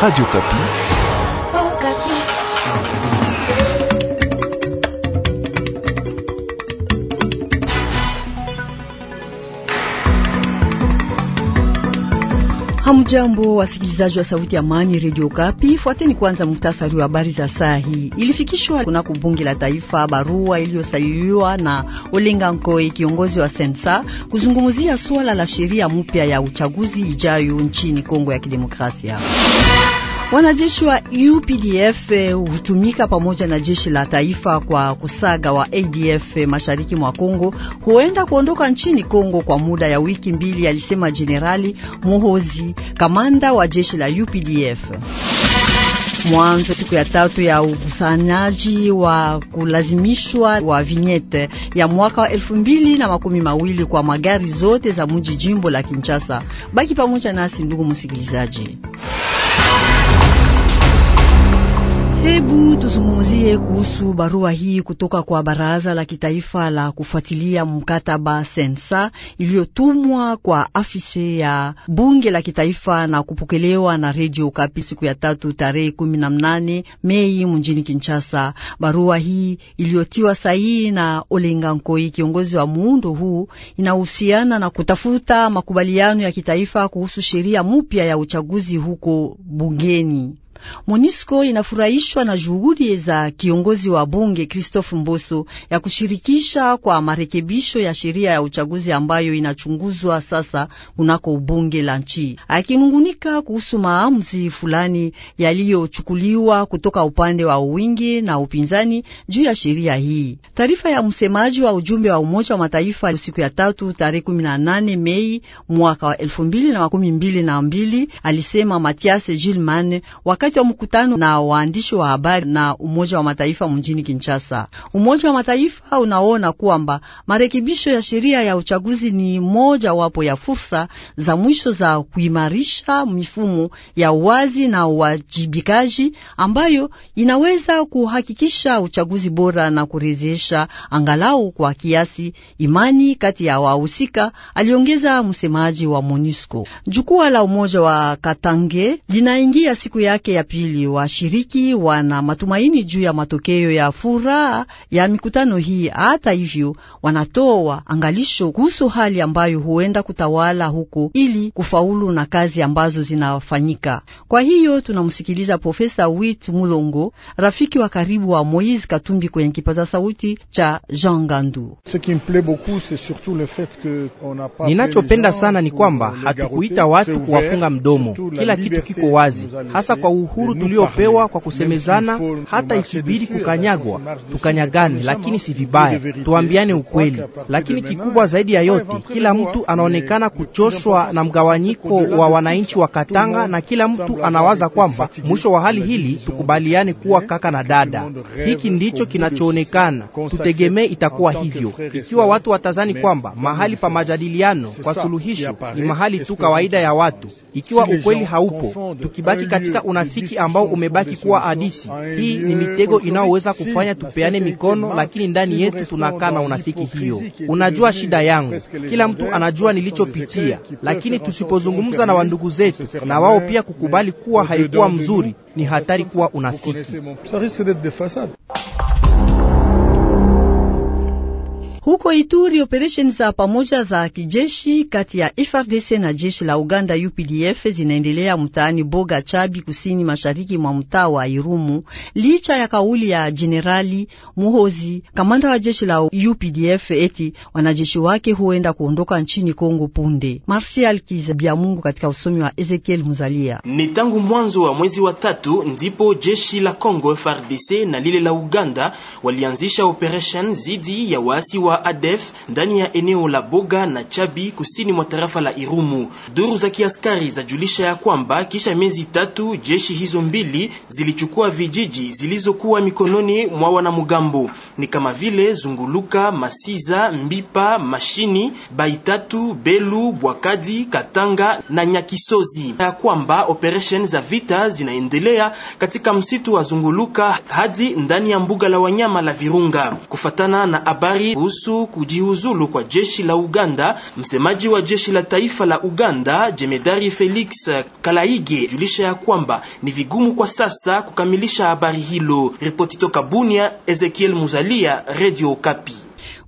Radio Kapi. Hamjambo, wasikilizaji wa sauti ya amani redio Kapi. Fuateni kwanza muhtasari wa habari za saa hii. Ilifikishwa kunako bunge la taifa barua iliyosaliliwa na Olenga Nkoe, kiongozi wa sensa, kuzungumzia suala la sheria mpya ya uchaguzi ijayo nchini Kongo ya Kidemokrasia. Wanajeshi wa UPDF eh, hutumika pamoja na jeshi la taifa kwa kusaga wa ADF eh, mashariki mwa Kongo, huenda kuondoka nchini Kongo kwa muda ya wiki mbili, alisema Jenerali Muhozi, kamanda wa jeshi la UPDF. Mwanzo siku ya tatu ya ukusanyaji wa kulazimishwa wa vinyete ya mwaka wa elfu mbili na makumi mawili kwa magari zote za mji jimbo la Kinshasa. Baki pamoja nasi ndugu msikilizaji. Hebu tuzungumzie kuhusu barua hii kutoka kwa Baraza la Kitaifa la kufuatilia mkataba sensa iliyotumwa kwa afisi ya bunge la kitaifa na kupokelewa na redio Kapi siku ya tatu tarehe mnane Mei mjini Kinshasa. Barua hii iliyotiwa sahihi na Olenga Nkoi, kiongozi wa muundo huu, inahusiana na kutafuta makubaliano ya kitaifa kuhusu sheria mpya ya uchaguzi huko bungeni. Monisco inafurahishwa na juhudi za kiongozi wa bunge Christophe Mboso ya kushirikisha kwa marekebisho ya sheria ya uchaguzi ambayo inachunguzwa sasa kunako bunge la nchi, akinungunika kuhusu maamuzi fulani yaliyochukuliwa kutoka upande wa uwingi na upinzani juu ya sheria hii. Taarifa ya msemaji wa ujumbe wa Umoja wa Mataifa siku ya tatu tarehe 18 Mei mwaka wa 2012 alisema Mathias Gilman wakati wakati wa mkutano na waandishi wa habari na Umoja wa Mataifa mjini Kinshasa. Umoja wa Mataifa unaona kwamba marekebisho ya sheria ya uchaguzi ni moja wapo ya fursa za mwisho za kuimarisha mifumo ya wazi na uwajibikaji ambayo inaweza kuhakikisha uchaguzi bora na kurejesha angalau kwa kiasi imani kati ya wahusika, aliongeza msemaji wa MONUSCO. Jukwaa la Umoja wa Katange linaingia siku yake ya pili, washiriki wana matumaini juu ya matokeo ya furaha ya mikutano hii. Hata hivyo, wanatoa angalisho kuhusu hali ambayo huenda kutawala huko ili kufaulu na kazi ambazo zinafanyika. Kwa hiyo tunamsikiliza Profesa Wit Mulongo, rafiki wa karibu wa Moise Katumbi, kwenye kipaza sauti cha Jean Gandu. Ninachopenda sana ni kwamba hatukuita watu kuwafunga mdomo, kila kitu kiko wazi, hasa kwa uhuru tuliopewa kwa kusemezana, hata ikibidi kukanyagwa tukanyagane, lakini si vibaya, tuambiane ukweli. Lakini kikubwa zaidi ya yote, kila mtu anaonekana kuchoshwa na mgawanyiko wa wananchi wa Katanga, na kila mtu anawaza kwamba mwisho wa hali hili tukubaliane kuwa kaka na dada. Hiki ndicho kinachoonekana, tutegemee itakuwa hivyo ikiwa watu watazani kwamba mahali pa majadiliano kwa suluhisho ni mahali tu kawaida ya watu, ikiwa ukweli haupo, tukibaki katika unafi urafiki ambao umebaki kuwa hadisi. Hii ni mitego inayoweza kufanya tupeane mikono, lakini ndani yetu tunakaa na unafiki hiyo. Unajua shida yangu, kila mtu anajua nilichopitia, lakini tusipozungumza na wandugu zetu na wao pia kukubali kuwa haikuwa mzuri, ni hatari kuwa unafiki. Huko Ituri, operesheni za pamoja za kijeshi kati ya FRDC na jeshi la Uganda UPDF zinaendelea mtaani Boga Chabi, kusini mashariki mwa mtaa wa Irumu, licha ya kauli ya Jenerali Muhozi, kamanda wa jeshi la UPDF, eti wanajeshi wake huenda kuondoka nchini Kongo punde. Marsial Mungu katika usomi wa Ezekiel Muzalia. Ni tangu mwanzo wa mwezi wa tatu ndipo jeshi la Kongo FRDC na lile la Uganda walianzisha operesheni zidi ya waasi wa wa ADF ndani ya eneo la Boga na Chabi kusini mwa tarafa la Irumu. Duru za kiaskari zajulisha ya kwamba kisha miezi tatu jeshi hizo mbili zilichukua vijiji zilizokuwa mikononi mwa wanamgambo ni kama vile Zunguluka, Masiza, Mbipa, Mashini, Baitatu, Belu, Bwakadi, Katanga na Nyakisozi, ya kwamba operation za vita zinaendelea katika msitu wa Zunguluka hadi ndani ya mbuga la wanyama la Virunga kufatana na habari kuhusu kuhusu kujiuzulu kwa jeshi la Uganda. Msemaji wa jeshi la taifa la Uganda, Jemedari Felix Kalaige, julisha ya kwamba ni vigumu kwa sasa kukamilisha habari hilo. Ripoti toka Bunia, Ezekiel Muzalia, Radio kapi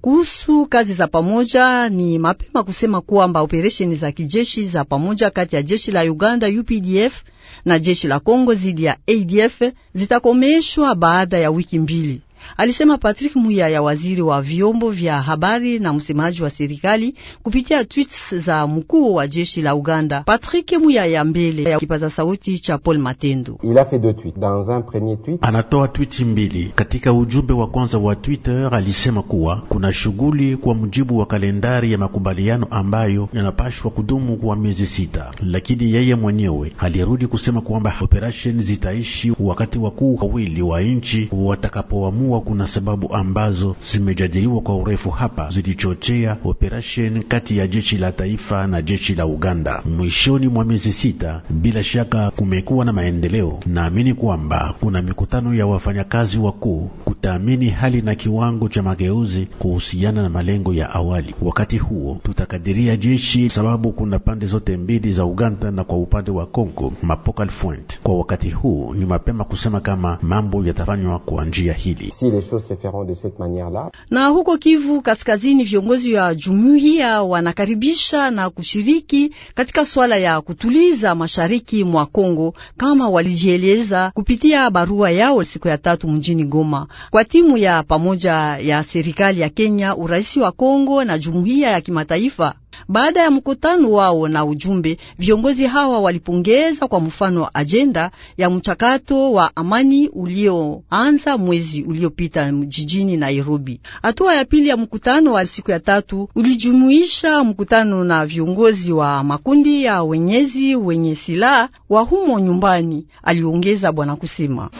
Kuhusu kazi za pamoja, ni mapema kusema kwamba operesheni za kijeshi za pamoja kati ya jeshi la Uganda UPDF na jeshi la Kongo dhidi ya ADF zitakomeshwa baada ya wiki mbili alisema Patrick Muyaya, waziri wa vyombo vya habari na msemaji wa serikali kupitia tweets za mkuu wa jeshi la Uganda. Patrick Muyaya mbele ya kipaza sauti cha Paul Matendo. Il a fait deux tweets. Dans un premier tweet, anatoa tweet mbili. Katika ujumbe wa kwanza wa Twitter alisema kuwa kuna shughuli kwa mujibu wa kalendari ya makubaliano ambayo yanapashwa kudumu kwa miezi sita, lakini yeye mwenyewe alirudi kusema kwamba operesheni zitaishi wakati wakuu wawili wa nchi watakapoamua kuwa kuna sababu ambazo zimejadiliwa kwa urefu hapa zilichochea operation kati ya jeshi la taifa na jeshi la Uganda. Mwishoni mwa miezi sita, bila shaka kumekuwa na maendeleo. Naamini kwamba kuna mikutano ya wafanyakazi wakuu kutaamini hali na kiwango cha mageuzi kuhusiana na malengo ya awali. Wakati huo tutakadiria jeshi, sababu kuna pande zote mbili za Uganda na kwa upande wa Kongo mapokal point. Kwa wakati huu ni mapema kusema kama mambo yatafanywa kwa njia hili si les choses se feront de cette manière-là. Na huko Kivu Kaskazini, viongozi wa jumuiya wanakaribisha na kushiriki katika swala ya kutuliza mashariki mwa Kongo, kama walijieleza kupitia barua yao siku ya tatu mjini Goma, kwa timu ya pamoja ya serikali ya Kenya, urahisi wa Kongo na jumuiya ya kimataifa. Baada ya mkutano wao na ujumbe, viongozi hawa walipongeza kwa mfano wa ajenda ya mchakato wa amani ulioanza mwezi uliopita jijini Nairobi. Hatua ya pili ya mkutano wa siku ya tatu ulijumuisha mkutano na viongozi wa makundi ya wenyezi wenye silaha wa humo nyumbani, aliongeza bwana kusema.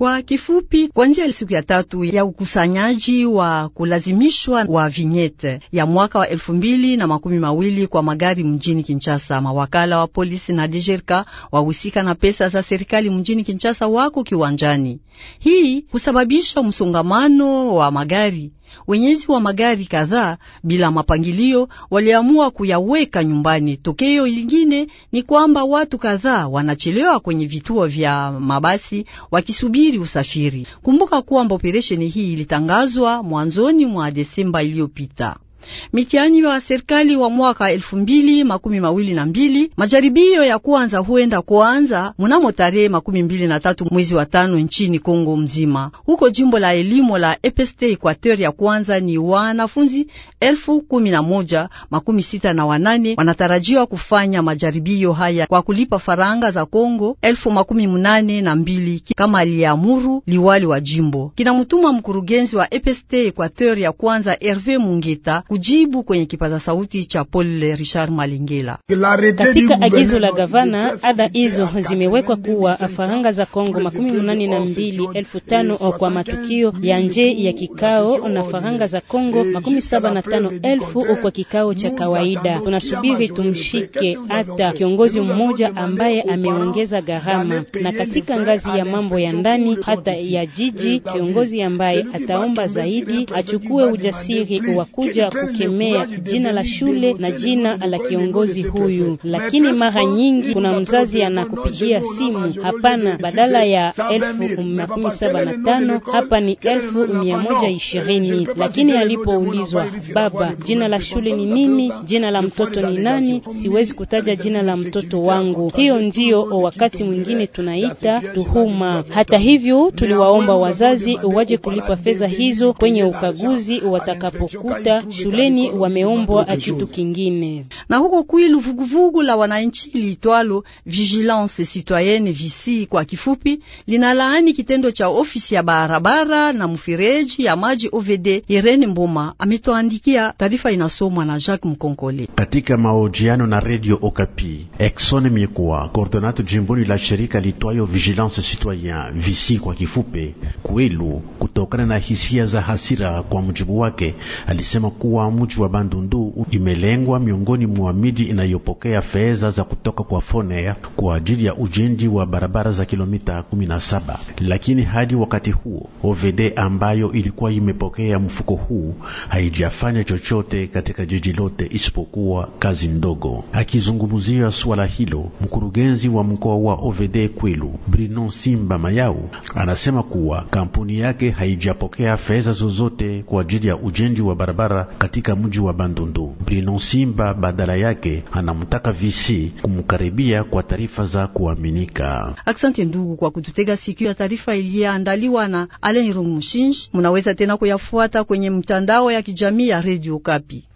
Kwa kifupi, kuanzia siku ya tatu ya ukusanyaji wa kulazimishwa wa vinyete ya mwaka wa elfu mbili na makumi mawili kwa magari mjini Kinshasa, mawakala wa polisi na dijerka wahusika na pesa za serikali mjini Kinshasa wako kiwanjani. Hii husababisha msongamano wa magari Wenyezi wa magari kadhaa bila mapangilio waliamua kuyaweka nyumbani. Tokeo lingine ni kwamba watu kadhaa wanachelewa kwenye vituo vya mabasi wakisubiri usafiri. Kumbuka kwamba operesheni hii ilitangazwa mwanzoni mwa Desemba iliyopita. Mitihani wa serikali wa mwaka elfu mbili makumi mawili na mbili majaribio ya kwanza huenda kuanza mnamo tarehe makumi mbili na tatu mwezi wa tano nchini Kongo mzima. Huko jimbo la elimu la EPST Equateur ya kwanza ni wanafunzi elfu kumi na moja makumi sita na wanane wanatarajiwa kufanya majaribio haya kwa kulipa faranga za Kongo elfu makumi mnane na mbili kama aliamuru liwali wa jimbo. Kinamutuma mkurugenzi wa EPST Equateur ya kwanza Herve Mungeta kujibu kwenye kipaza sauti cha Paul Richard Malingela. Katika agizo la gavana, ada hizo zimewekwa kuwa faranga za Kongo makumi munane na mbili elfu tano kwa matukio ya nje ya kikao na faranga za Kongo makumi saba na tano elfu kwa kikao cha kawaida. Tunasubiri tumshike hata kiongozi mmoja ambaye ameongeza gharama, na katika ngazi ya mambo ya ndani hata ya jiji, kiongozi ambaye ataomba zaidi achukue ujasiri wa kuja kukemea jina la shule na jina la kiongozi huyu, lakini mara nyingi kuna mzazi anakupigia simu, hapana, badala ya elfu makumi saba na tano hapa ni elfu mia moja ishirini. Lakini alipoulizwa baba, jina la shule ni nini? Jina la mtoto ni nani? Siwezi kutaja jina la mtoto wangu. Hiyo ndiyo wakati mwingine tunaita tuhuma. Hata hivyo, tuliwaomba wazazi waje kulipa fedha hizo kwenye ukaguzi watakapokuta shule shuleni wameombwa kitu kingine. Na huko Kwilu, vuguvugu la wananchi liitwalo Vigilance Citoyenne visi kwa kifupi, linalaani kitendo cha ofisi ya barabara na mfereji ya maji OVD. Irene Mboma ametoandikia taarifa, inasomwa na Jacques Mkonkole. Katika mahojiano na Radio Okapi, Exxon Mikwa, coordonate jimboni la shirika litwayo Vigilance Citoyen visi kwa kifupi Kwilu, kutokana na hisia za hasira, kwa mujibu wake alisema kuwa kuwa mji wa Bandundu imelengwa miongoni mwa miji inayopokea fedha za kutoka kwa Fonea kwa ajili ya ujenzi wa barabara za kilomita 17, lakini hadi wakati huo OVD ambayo ilikuwa imepokea mfuko huu haijafanya chochote katika jiji lote isipokuwa kazi ndogo. Akizungumzia suala hilo, mkurugenzi wa mkoa wa OVD Kwilu Brino Simba Mayau anasema kuwa kampuni yake haijapokea fedha zozote kwa ajili ya ujenzi wa barabara katika mji wa Bandundu. Bruno Simba badala yake anamtaka visi kumkaribia kwa taarifa za kuaminika. Asante ndugu kwa kututega sikio ya taarifa iliyoandaliwa na Aleni Rumushinji. Munaweza tena kuyafuata kwenye mtandao ya kijamii ya Radio Kapi.